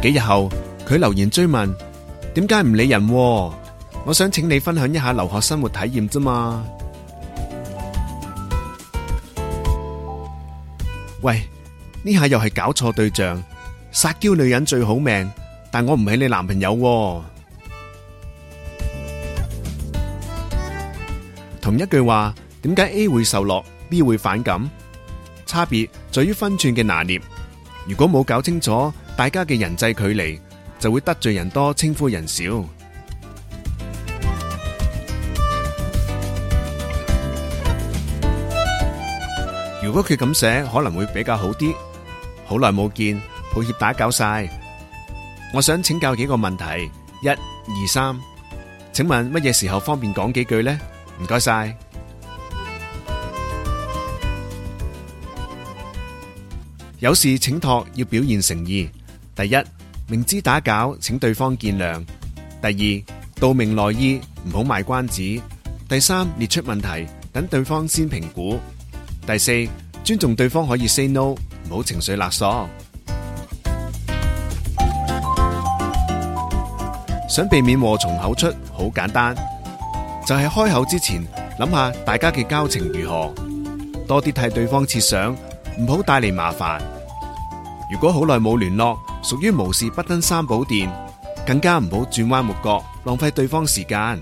幾日後佢留言追問，點解唔理人啊？我想請你分享一下留學生活體驗啫嘛。喂，呢下又係搞錯對象，撒嬌女人最好命，但我唔係你男朋友啊。同一句話，點解 A 會受落，B 會反感？差別在於分寸嘅拿捏。如果冇搞清楚。大家嘅人際距離就會得罪人多，稱呼人少。如果佢咁寫可能會比較好啲。好耐冇見，抱歉打攪晒。我想請教幾個問題，一、二、三，請問乜嘢時候方便講幾句呢？唔該晒。有事請託要表現誠意。第一，明知打攪，請對方見諒；第二，道明來意，唔好賣關子；第三，列出問題，等對方先評估；第四，尊重對方可以 say no，唔好情緒勒索。想避免禍從口出，好簡單，就係、是、開口之前諗下大家嘅交情如何，多啲替對方設想，唔好帶嚟麻煩。如果好耐冇聯絡，屬於無事不登三寶殿，更加唔好轉彎抹角，浪費對方時間。